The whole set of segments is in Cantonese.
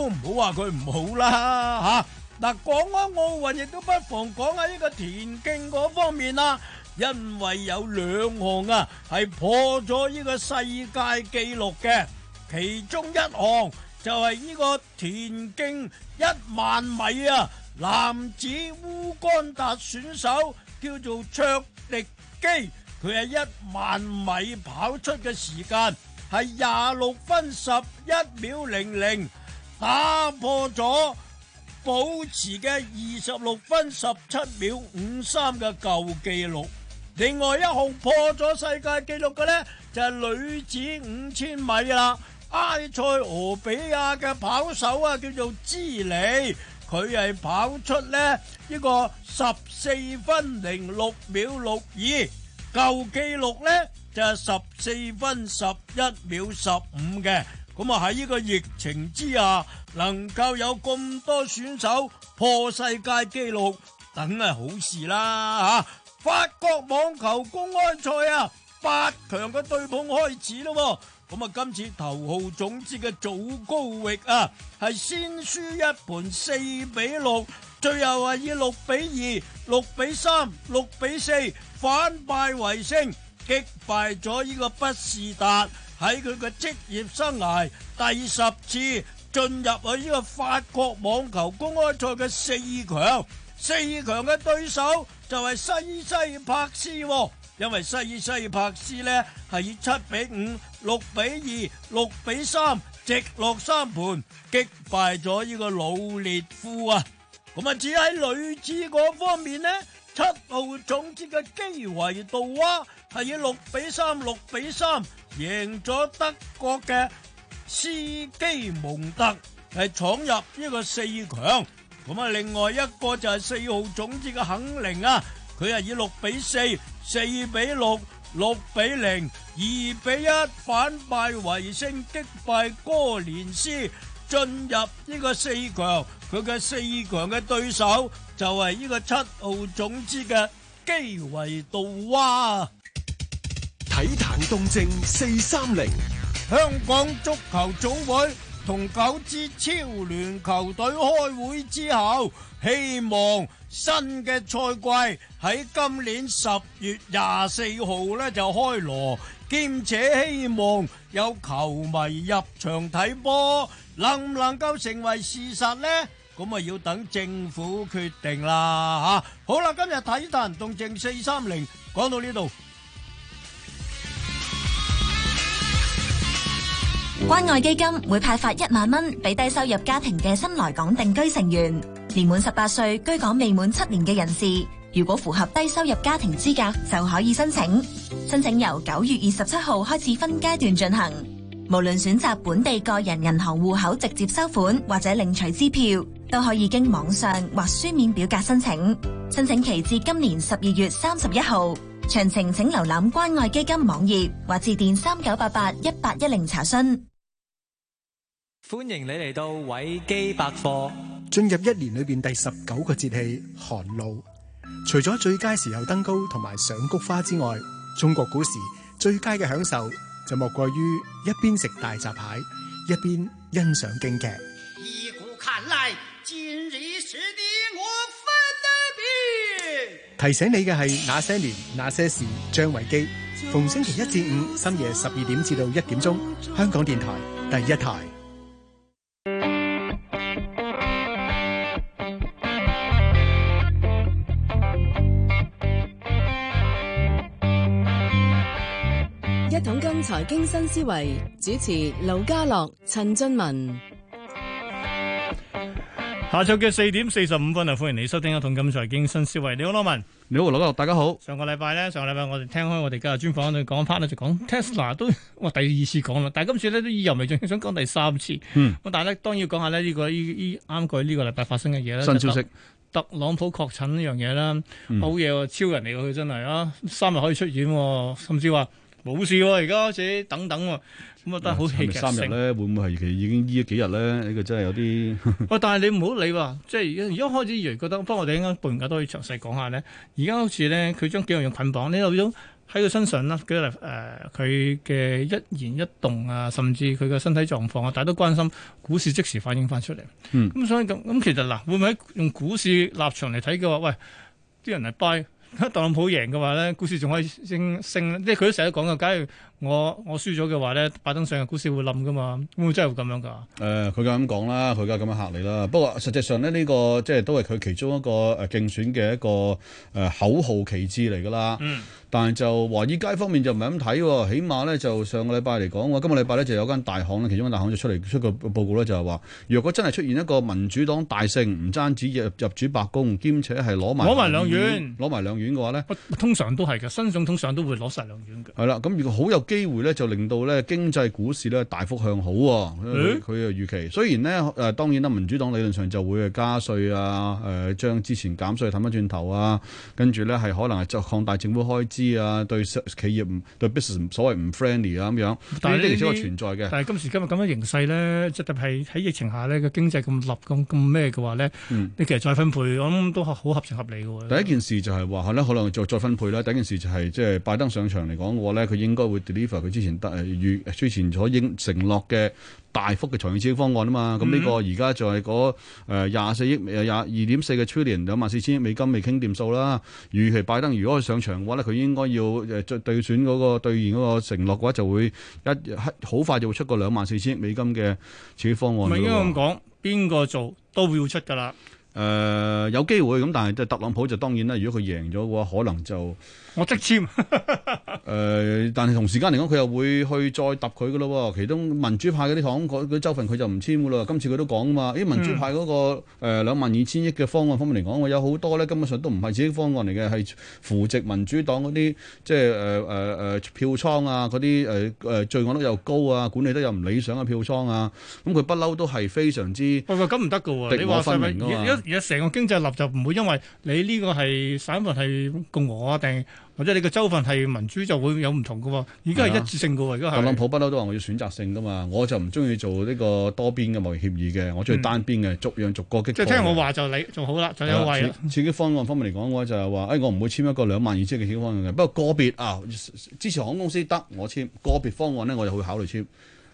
都唔好話佢唔好啦，吓嗱，講開奧運亦都不妨講下呢個田徑嗰方面啦，因為有兩項啊係破咗呢個世界紀錄嘅，其中一項就係呢個田徑一萬米啊，男子烏干達選手叫做卓力基，佢係一萬米跑出嘅時間係廿六分十一秒零零。打破咗保持嘅二十六分十七秒五三嘅舊紀錄。另外一號破咗世界紀錄嘅呢，就係、是、女子五千米啦，埃塞俄比亞嘅跑手啊，叫做支里，佢係跑出呢一、這個十四分零六秒六二，舊紀錄呢，就係十四分十一秒十五嘅。咁啊，喺呢個疫情之下，能夠有咁多選手破世界紀錄，梗係好事啦吓！啊，法國網球公開賽啊，八強嘅對碰開始咯。咁啊，今次頭號種子嘅祖高域啊，係先輸一盤四比六，最後係以六比二、六比三、六比四反敗為勝，擊敗咗呢個不士達。喺佢嘅職業生涯第十次進入去呢個法國網球公開賽嘅四強，四強嘅對手就係西西帕斯，因為西西帕斯呢係以七比五六比二六比三直落三盤擊敗咗呢個老列夫啊，咁啊只喺女子嗰方面呢？七號種子嘅基維道啊，係以六比三、六比三贏咗德國嘅斯基蒙特，係闖入呢個四強。咁啊，另外一個就係四號種子嘅肯寧啊，佢係以六比四、四比六、六比零、二比一反敗為勝，擊敗哥連斯，進入呢個四強。佢嘅四強嘅對手。就係呢個七號種子嘅基維杜娃，體壇動靜四三零，香港足球總會同九支超聯球隊開會之後，希望新嘅賽季喺今年十月廿四號呢就開鑼，兼且希望有球迷入場睇波，能唔能夠成為事實呢？咁啊，要等政府決定啦，吓，好啦，今日睇壇動靜四三零，講到呢度。關愛基金會派發一萬蚊俾低收入家庭嘅新來港定居成員，年滿十八歲，居港未滿七年嘅人士，如果符合低收入家庭資格，就可以申請。申請由九月二十七號開始分階段進行。無論選擇本地個人銀行戶口直接收款或者領取支票，都可以經網上或書面表格申請。申請期至今年十二月三十一號，詳情請瀏覽關愛基金網頁或致電三九八八一八一零查詢。歡迎你嚟到偉基百貨。進入一年裏邊第十九個節氣寒露，除咗最佳時候登高同埋賞菊花之外，中國古時最佳嘅享受。就莫過於一邊食大閘蟹，一邊欣賞京劇。提醒你嘅係那些年那些事，張維基，逢星期一至五深夜十二點至到一點鐘，香港電台第一台。一桶金財經新思維主持盧家樂、陳俊文，下晝嘅四點四十五分啊！歡迎你收聽一桶金財經新思維。你好，羅文。你好，盧家樂，大家好。上個禮拜呢，上個禮拜我哋聽開我哋今日專訪，就講 part 呢，就講 Tesla，都哇第二次講啦，但係今次呢，都意猶未盡，想講第三次。咁、嗯、但係咧當然要講下咧、這、呢個呢呢啱過呢個禮拜發生嘅嘢咧。新消息，特朗普確診呢樣嘢啦，好嘢喎，超人嚟嘅佢真係啊，三日可以出院，甚至話。冇事喎，而家好似等等喎，咁啊都係好戲劇性。三日咧，會唔會係其實已經醫咗幾日咧？呢個真係有啲。喂， 但係你唔好理喎，即係而家而家開始，以為覺得，不如我哋啱啱半完都可以詳細講下呢。而家好似呢，佢將幾樣嘢捆綁，呢種喺佢身上啦，舉例佢嘅一言一動啊，甚至佢嘅身體狀況啊，大家都關心股市，即時反映翻出嚟。咁、嗯、所以咁咁，其實嗱，會唔會用股市立場嚟睇嘅話，喂，啲人係拜？當特朗普贏嘅話，咧，股市仲可以升升，即係佢都成日講嘅。假如我我輸咗嘅話咧，拜登上日股市會冧噶嘛？會唔會真係會咁樣噶？誒、呃，佢梗係咁講啦，佢梗係咁樣嚇你啦。不過實際上咧，呢、這個即係都係佢其中一個誒競選嘅一個誒、呃、口號旗幟嚟噶啦。嗯、但係就華爾街方面就唔係咁睇喎。起碼咧，就上個禮拜嚟講喎，今個禮拜咧就有間大行其中間大行就出嚟出個報告咧，就係話，如果真係出現一個民主黨大勝，唔單止入，入主白宮，兼且係攞埋攞埋兩院，攞埋兩院嘅話咧、啊，通常都係嘅，新總統上都會攞曬兩院嘅。係啦，咁如果好有。機會咧就令到咧經濟股市咧大幅向好，佢嘅預期。雖然呢，誒、呃、當然啦，民主黨理論上就會係加稅啊，誒、呃、將之前減稅氹翻轉頭啊，跟住咧係可能係就擴大政府開支啊，對企業對 business 所謂唔 friendly 啊咁樣。但係呢啲其實係存在嘅。但係今時今日咁嘅形勢咧，即係特別喺疫情下呢，個經濟咁立咁咁咩嘅話咧，嗯、你其實再分配，我諗都係好合情合理嘅喎、嗯。第一件事就係話可能再再分配啦。第一件事就係即係拜登上場嚟講嘅話咧，佢應該會。佢之前大預、呃，之前所應承諾嘅大幅嘅財政刺激方案啊嘛，咁呢、mm hmm. 個而家就係嗰廿四億誒廿二點四嘅 trillion 兩萬四千億美金未傾掂數啦。預期拜登如果佢上場嘅話咧，佢應該要誒、呃、對選嗰、嗰個兌現嗰個承諾嘅話，就會一好快就會出個兩萬四千億美金嘅刺激方案。唔係應該咁講，邊個做都會要出㗎啦。誒、呃、有機會咁，但係即特朗普就當然啦。如果佢贏咗嘅話，可能就我即簽。誒、 呃，但係同時間嚟講，佢又會去再揼佢嘅咯。其中民主派嗰啲黨嗰嗰啲州份，佢就唔簽嘅啦。今次佢都講啊嘛。依民主派嗰、那個誒兩萬二千億嘅方案方面嚟講，我有好多咧根本上都唔係自己方案嚟嘅，係扶植民主黨嗰啲即係誒誒誒票倉啊，嗰啲誒誒罪案率又高啊，管理得又唔理想嘅、啊、票倉啊。咁佢不嬲都係非常之、嗯、咁唔得嘅你話係而家成個經濟立就唔會因為你呢個係省份係共和啊，定或者你個州份係民主就會有唔同㗎喎，而家係一致性㗎喎。如果係特朗普不嬲都話我要選擇性㗎嘛，我就唔中意做呢個多邊嘅貿易協議嘅，我中意單邊嘅、嗯、逐樣逐個擊即係聽我話、啊、就你仲好啦，仲有簽。刺激方案方面嚟講嘅話就係話，誒、哎、我唔會簽一個兩萬二千嘅刺激方案嘅，不過個別啊支持航空公司得我簽，個別方案咧我就會考慮簽。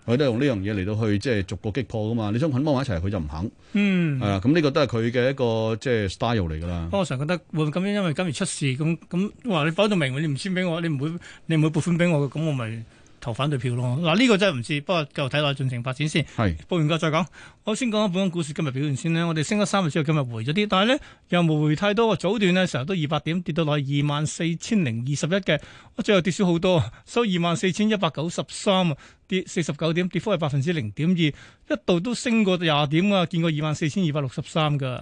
佢都用呢樣嘢嚟到去即係逐個擊破噶嘛，你想捆綁埋一齊，佢就唔肯。嗯，係啊，咁、這、呢個都係佢嘅一個即係 style 嚟㗎啦。不過我成日覺得會唔會咁樣，因為今日出事，咁咁話你擺到明，你唔簽俾我，你唔會你唔會撥款俾我嘅，咁我咪。投反對票咯，嗱、啊、呢、呢個真係唔知，不過就睇內進程發展先。是報完價再講。我先講下本港股市今日表現先呢，我哋升咗三日之後，今日回咗啲，但係呢，又冇回太多。早段呢，成日都二百點，跌到落二萬四千零二十一嘅，我最後跌少好多，收二萬四千一百九十三，跌四十九點，跌幅係百分之零點二。一度都升過廿點啊，見過二萬四千二百六十三㗎。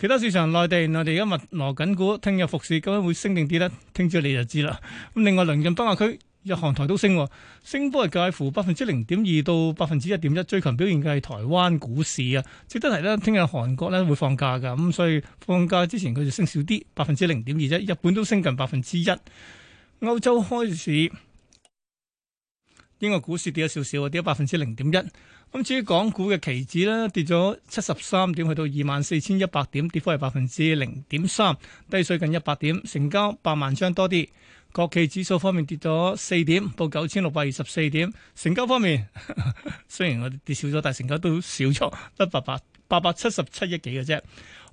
其他市場內地，內地今日攞緊股，聽日復市，咁樣會升定跌咧？聽朝你就知啦。咁另外鄰近北亞區。日韓台都升，升幅係介乎百分之零點二到百分之一點一。最強表現嘅係台灣股市啊，值得提咧。聽日韓國咧會放假噶，咁所以放假之前佢就升少啲，百分之零點二一。日本都升近百分之一。歐洲開市，英國股市跌咗少少，跌咗百分之零點一。咁至於港股嘅期指咧，跌咗七十三點，去到二萬四千一百點，跌幅係百分之零點三，低水近一百點，成交八萬張多啲。國企指數方面跌咗四點，到九千六百二十四點，成交方面呵呵，雖然我哋跌少咗，但係成交都少咗得八百八百七十七億幾嘅啫。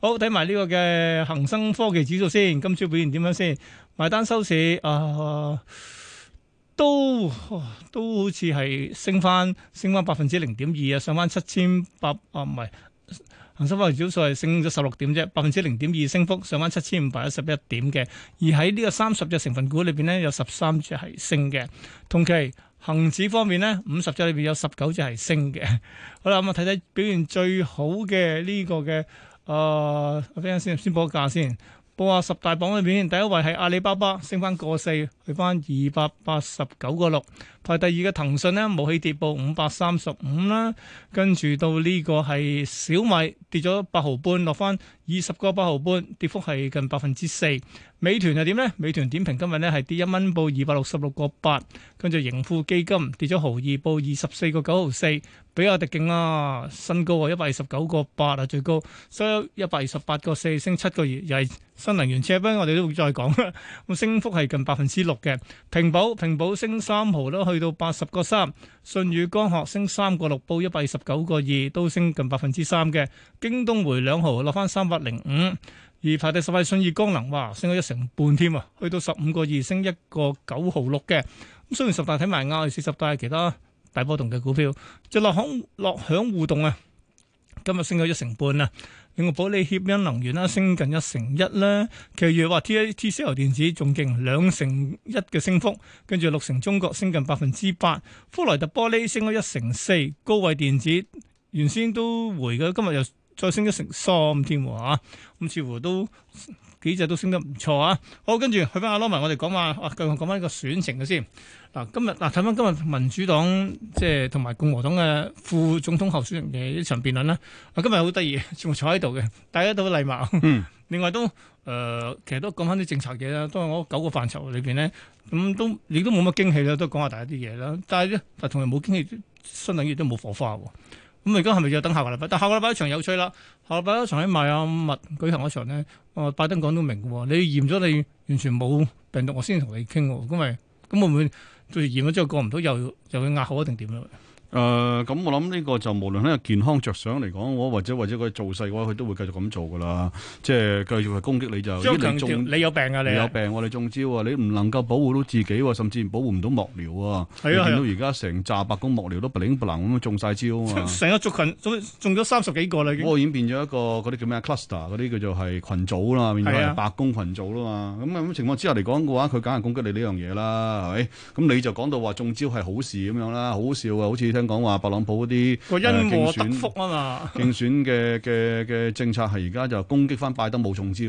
好，睇埋呢個嘅恒生科技指數先，今朝表現點樣先？埋單收市啊！呃都都好似係升翻，升翻百分之零點二啊，上翻七千八啊，唔係，恒生科技指數係升咗十六點啫，百分之零點二升幅，上翻七千五百一十一點嘅。而喺呢個三十隻成分股裏邊咧，有十三隻係升嘅。同期恒指方面咧，五十隻裏邊有十九隻係升嘅。好啦，咁啊睇睇表現最好嘅呢個嘅誒，我等下先，先報個價先。報下十大榜裏面，第一位係阿里巴巴，升翻個四，去翻二百八十九個六。排第二嘅騰訊呢，無起跌，報五百三十五啦。跟住到呢個係小米，跌咗八毫半，落翻二十個八毫半，跌幅係近百分之四。美團又點呢？美團點評今日呢係跌一蚊，報二百六十六個八。跟住，盈富基金跌咗毫二，報二十四個九毫四，比亞迪勁啦，新高啊，一百二十九個八啊，最高。收一百二十八個四，升七個二，又係新能源車呢，我哋都會再講。咁升幅係近百分之六嘅。平保，平保升三毫啦，都去到八十個三。舜宇光學升三個六，報一百二十九個二，都升近百分之三嘅。京東回兩毫，落翻三百零五。而排第十位，信義光能，哇，升咗一成半添啊，去到十五個二，升一個九毫六嘅。咁雖然十大睇埋啱，但係四十大其他大波動嘅股票，就樂享樂享互動啊，今日升咗一成半啊。永和保利、協鑫能源啦，升近一成一啦。其餘話 TCL 電子仲勁兩成一嘅升幅，跟住六成中國升近百分之八，福萊特玻璃升咗一成四，高偉電子原先都回嘅，今日又。再升咗成三添嚇、啊，咁、嗯、似乎都幾隻都升得唔錯啊！好，跟住去翻阿羅文，我哋講下，繼續講翻呢個選情嘅先。嗱、啊，今日嗱睇翻今日民主黨即係同埋共和黨嘅副總統候選人嘅一場辯論啦、啊。啊，今日好得意，全部坐喺度嘅，大家都好禮貌。嗯、另外都誒、呃，其實都講翻啲政策嘢啦，都係我九個範疇裏邊咧，咁、嗯、都亦都冇乜驚喜啦，都講下大家啲嘢啦。但係咧，但同樣冇驚喜，新等於都冇火花。啊。咁而家係咪要等下個禮拜？但下個禮拜一場有趣啦，下個禮拜一場喺邁阿密舉行一場咧。哦，拜登講都明㗎喎，你驗咗你完全冇病毒，我先同你傾喎。咁咪咁會唔會到時驗咗之後過唔到，又又會押後一定點樣？誒，咁我諗呢個就無論喺個健康着想嚟講，我或者或者佢做勢嘅話，佢都會繼續咁做噶啦。即係繼續去攻擊你就你有病啊！你有病，我哋中招啊！你唔能夠保護到自己，甚至保護唔到幕僚啊！你見到而家成紮白宮幕僚都 bling bling 咁樣中晒招啊！成個族群中咗三十幾個啦，已經。我已經變咗一個嗰啲叫咩 cluster，嗰啲叫做係群組啦，變翻白宮群組啦嘛。咁咁情況之下嚟講嘅話，佢梗係攻擊你呢樣嘢啦，係咪？咁你就講到話中招係好事咁樣啦，好好笑啊！好似聽。講話特朗普嗰啲，個因禍得福啊嘛，競選嘅嘅嘅政策係而家就攻擊翻拜登冇中招，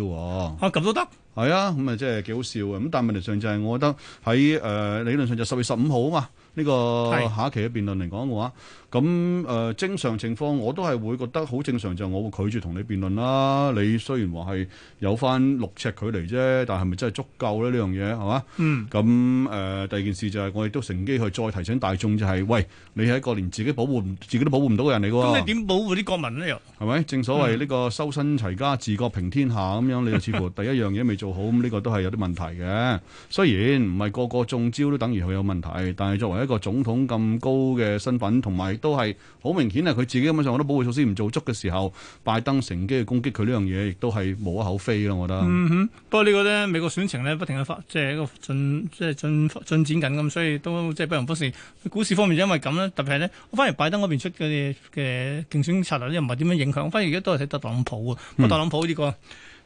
吓咁都得，係啊，咁啊即係幾好笑啊。咁、啊、但係問題上就係我覺得喺誒、呃、理論上就十月十五號啊嘛。呢個下一期嘅辯論嚟講嘅話，咁誒、呃、正常情況我都係會覺得好正常，就係、是、我會拒絕同你辯論啦。你雖然話係有翻六尺距離啫，但係咪真係足夠咧？呢樣嘢係嘛？嗯。咁誒、嗯、第二件事就係、是、我亦都乘機去再提醒大眾就係、是，喂，你係一個連自己保護、自己都保護唔到嘅人嚟㗎。咁你點保護啲國民呢？又係咪？正所謂呢個修身齊家、治國平天下咁樣，你就似乎第一樣嘢未做好，咁呢 個都係有啲問題嘅。雖然唔係個，個個中招都等於佢有問題，但係作為呢個總統咁高嘅身份，同埋都係好明顯係佢自己根本上我都保護措施唔做足嘅時候，拜登乘機去攻擊佢呢樣嘢，亦都係無可厚非咯。我覺得。嗯哼，不過呢個呢，美國選情呢，不停嘅發，即係一個進，即係進進展緊咁，所以都即係不容忽視。股市方面，因為咁呢，特別係呢，我反而拜登嗰邊出嘅嘅競選策略又唔係點樣影響，反而而家都係睇特朗普啊！特朗普呢個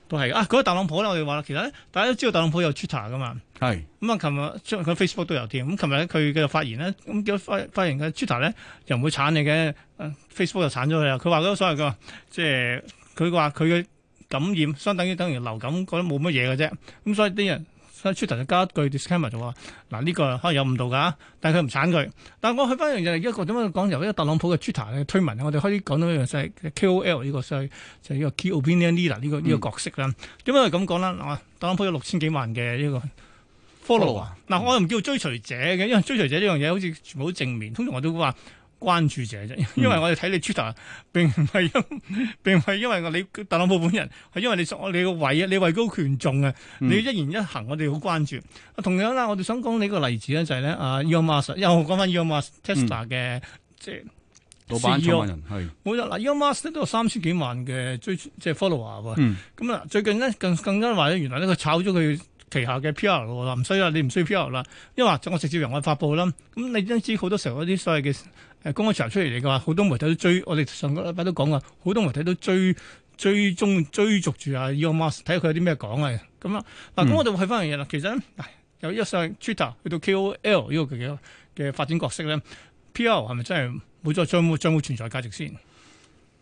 都係啊，嗰個特朗普咧，我哋話啦，其實大家都知道特朗普有 Twitter 噶嘛。係咁啊！琴日佢是、嗯、Facebook 都有添。咁琴日咧，佢嘅發言咧，咁叫發發言嘅 Twitter 咧，又唔會鏟你嘅、啊。Facebook 就鏟咗佢啦。佢話咗所謂嘅，即係佢話佢嘅感染相等於等於流感，覺得冇乜嘢嘅啫。咁、嗯、所以啲人 Twitter 就加一句 Disclaimer 就話：嗱、啊，呢、呢個可能有誤導㗎、啊。但係佢唔鏟佢。但係我去翻樣就係一個點樣講？由一個特朗普嘅 Twitter 嘅推文我哋可以講到咩嘢？即係 KOL 呢個就係呢個 Key Opinion Leader 呢個呢個角色啦。點解咁講咧？特朗普有六千幾萬嘅呢、呢個。follow 嗱、嗯，我又唔叫追隨者嘅，因為追隨者呢樣嘢好似全部好正面，通常我都話關注者啫。因為我哋睇你 Twitter 並唔係因並唔係因為你特朗普本人，係因為你你個位啊，你，位，你位高權重啊，你一言一行我哋好關注。同樣啦，我哋想講你個例子咧，就係、是、咧啊，Elon Musk、e、又講翻 Elon Musk Tesla 嘅即係老闆創辦人係冇錯嗱 Elon Musk 都有三千幾萬嘅追即係、就是、follower 咁啊、嗯嗯，最近咧更更加話咧，原來呢佢炒咗佢。旗下嘅 PR 啦，唔需要啦，你唔需要 PR 啦，因為就我直接由我發佈啦。咁你都知好多時候嗰啲所謂嘅誒公關場出嚟嚟嘅話，好多媒體都追。我哋上個禮拜都講過，好多媒體都追追蹤追逐住啊，Elon Musk，睇下佢有啲咩講啊。咁啊嗱，咁我哋睇翻樣嘢啦。其實咧，由一上 Twitter 去到 KOL 呢個嘅嘅發展角色咧，PR 係咪真係冇咗將會將會存在價值先？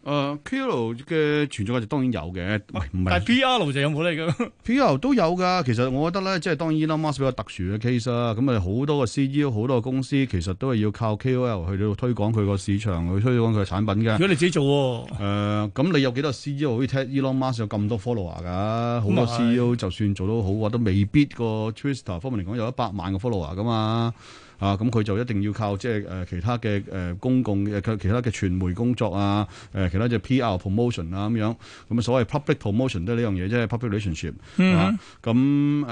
誒、呃、，K O L 嘅存在就當然有嘅，啊、是但係 P R 就有冇咧？P R 都有噶。其實我覺得咧，即係當然 Elon Musk 比較特殊嘅 case 啦。咁啊，好多個 C E O，好多公司其實都係要靠 K O L 去到推廣佢個市場，去推廣佢嘅產品嘅。如果你自己做、啊，誒、呃，咁你有幾多 C E O 可以睇 Elon Musk 有咁多 follower 噶、啊？是好多 C E O 就算做到好，都未必個 Twister 方面嚟講有一百萬個 follower 噶嘛。啊，咁佢就一定要靠即係誒其他嘅誒公共嘅其他嘅傳媒工作啊，誒、呃、其他嘅 P.R.promotion 啊，咁樣，咁所謂 public promotion 都係呢樣嘢，即係 public relationship。嗯。咁誒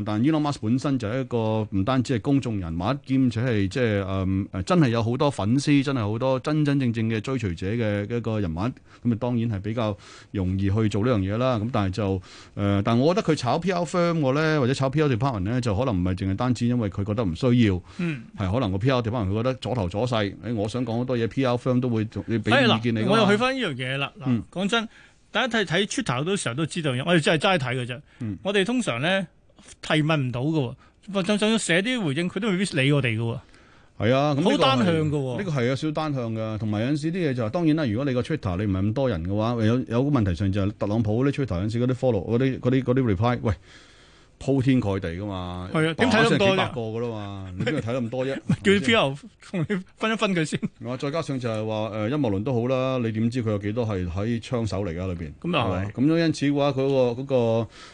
誒，但 Elon Musk 本身就係一個唔單止係公眾人物，兼且係即係誒誒真係有好多粉絲，真係好多真真正正嘅追隨者嘅一個人物。咁啊，當然係比較容易去做呢樣嘢啦。咁但係就誒、呃，但係我覺得佢炒 P.R.firm 我咧，或者炒 P.R.department 咧，就可能唔係淨係單止因為佢覺得唔需要。嗯，係可能個 P.R. 地方，佢覺得左頭左勢，誒、欸，我想講好多嘢，P.R. 方都會，你俾意見你。我又去返呢樣嘢啦。嗯，講真，大家睇睇 Twitter 都成日都知道，我哋真係齋睇嘅啫。我哋、嗯、通常咧提問唔到嘅，上想寫啲回應佢都未必理我哋嘅。係啊，咁好單向嘅、哦。呢個係有少少單向嘅，同埋有陣時啲嘢就係、是，當然啦，如果你個 Twitter 你唔係咁多人嘅話，有有個問題上就係特朗普嗰啲 Twitter 有陣時嗰啲 follow 嗰啲啲 reply 喂。鋪天蓋地噶嘛，打上去幾百個噶啦嘛， 你邊度睇得咁多啫？ 叫 P.O. RO 同吧你分一分佢先。再加上就係話誒音樂論都好啦，你點知佢有幾多係喺槍手嚟噶裏邊？咁又係。咁樣因此嘅話，佢嗰、嗰個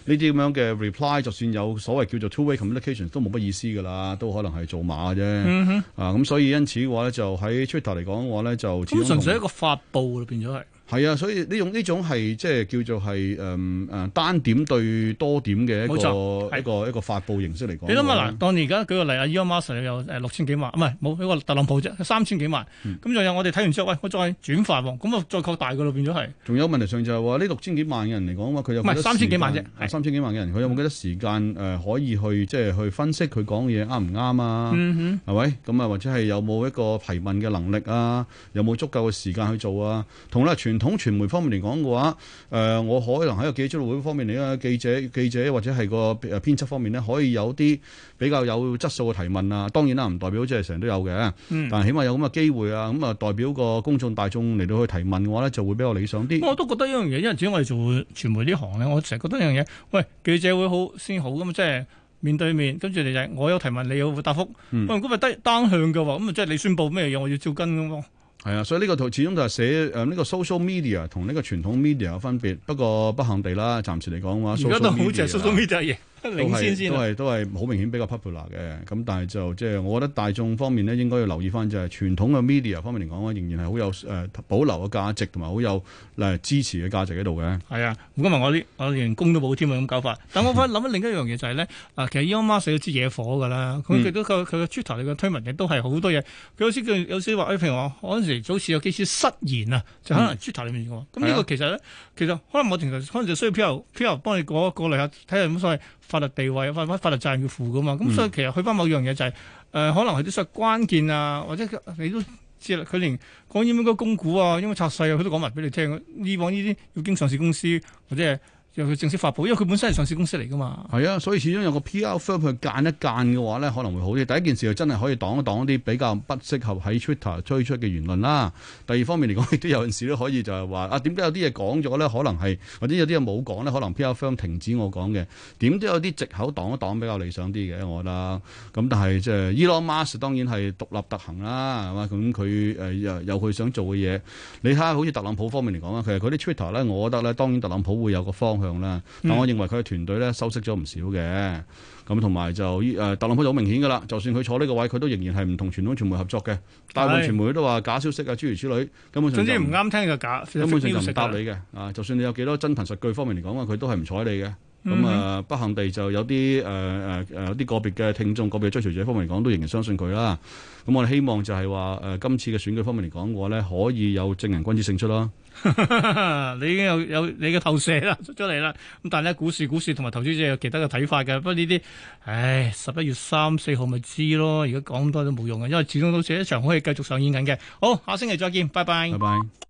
呢啲咁樣嘅 reply，就算有所謂叫做 two-way communication 都冇乜意思噶啦，都可能係做馬啫。嗯、哼啊，咁所以因此嘅話咧，就喺 Twitter 嚟講嘅話咧，就咁純粹一個發布變咗係。係啊，所以你用呢種係即係叫做係誒誒單點對多點嘅一個錯一個，是一，個一個發佈形式嚟講。你諗下啦，喂當而家舉個例啊，Elon Musk 有誒六千幾萬，唔係冇呢個特朗普啫，三千幾萬。咁仲、嗯、有我哋睇完之後，喂，我再轉發喎，咁啊再擴大嘅咯，變咗係。仲有問題上就係話呢六千幾萬嘅人嚟講話佢有唔係三千幾萬啫，三千幾萬嘅、啊、人，佢有冇幾多時間誒是、呃、可以去即係去分析佢講嘅嘢啱唔啱啊？嗯哼，係咪咁啊？或者係有冇一個提問嘅能力啊？有冇足夠嘅時間去做啊？同咧全。傳統傳媒方面嚟講嘅話，誒、呃，我可能喺個記者會方面嚟咧，記者記者或者係個誒編輯方面咧，可以有啲比較有質素嘅提問啊。當然啦，唔代表即係成日都有嘅，嗯、但係起碼有咁嘅機會啊。咁、嗯、啊，代表個公眾大眾嚟到去提問嘅話咧，就會比較理想啲。我都覺得一樣嘢，因為始終我哋做傳媒呢行咧，我成日覺得一樣嘢，喂，記者會好先好㗎嘛，即係面對面，跟住你就係我有提問，你有個答覆。喂、嗯，如果咪單單向嘅話，咁啊，即係你宣佈咩嘢，我要照跟㗎麼？係啊，所以呢個圖始終就係寫誒呢個 social media 同呢個傳統 media 嘅分別，不過不幸地啦，暫時嚟講話。而家都好淨 social media 嘢。領先先都係都係都係好明顯比較 popular 嘅，咁但係就即係、就是、我覺得大眾方面呢，應該要留意翻就係、是、傳統嘅 media 方面嚟講仍然係好有誒、呃、保留嘅價值同埋好有誒、呃、支持嘅價值喺度嘅。係啊，今我今日我啲我員工都冇添啊咁搞法。但我翻諗翻另一樣嘢就係、是、咧， 其實依家阿媽死咗支野火㗎啦。佢佢都佢佢嘅 twitter 嘅推文亦都係好多嘢。佢好似有時話譬如我嗰陣時早時有幾次失言啊，就可能 twitter 裏面㗎。咁呢個其實呢，其實可能我平常可能就需要 Paul 幫你過嚟下睇下有乜所謂。法律地位啊，法律法，律法律責任要負噶嘛，咁、嗯、所以其實去翻某一樣嘢就係、是，誒、呃、可能係啲所謂關鍵啊，或者你都知啦，佢連講點樣嗰個供股啊，因為拆細啊，佢都講埋俾你聽。以往呢啲要經上市公司或者係。由佢正式發布，因為佢本身係上市公司嚟㗎嘛。係啊，所以始終有個 PR firm 去間一間嘅話咧，可能會好啲。第一件事就真係可以擋一擋啲比較不適合喺 Twitter 推出嘅言論啦。第二方面嚟講，亦都有陣時都可以就係話啊，點解有啲嘢講咗咧，可能係或者有啲嘢冇講咧，可能 PR firm 停止我講嘅。點都有啲藉口擋一，擋一擋比較理想啲嘅，我覺得。咁但係即係 Elon Musk 當然係獨立特行啦，係嘛？咁佢誒又有佢想做嘅嘢，你睇下好似特朗普方面嚟講啊，其實佢啲 Twitter 咧，我覺得咧，當然特朗普會有個方向。啦，嗯、但我認為佢嘅團隊咧收息咗唔少嘅，咁同埋就依、呃、特朗普就好明顯㗎啦。就算佢坐呢個位，佢都仍然係唔同傳統傳媒合作嘅。大部分傳媒都話假消息啊，諸如此類。根本上總之唔啱聽嘅假，根本上就唔答你嘅。啊，就算你有幾多真憑實據方面嚟講啊，佢都係唔睬你嘅。咁啊，不幸、嗯嗯嗯、地就有啲誒誒誒有啲個別嘅聽眾、個別追隨者方面嚟講，都仍然相信佢啦。咁、嗯、我哋希望就係話誒今次嘅選舉方面嚟講嘅話咧，可以有正人君子勝出啦。 你已經有有你嘅投射啦出咗嚟啦。咁但係咧，股市、股市同埋投資者有其他嘅睇法嘅。不過呢啲，唉，十一月三四號咪知咯。而家講咁多都冇用嘅，因為始終都只係一場可以繼續上演緊嘅。好，下星期再見，拜拜。拜拜。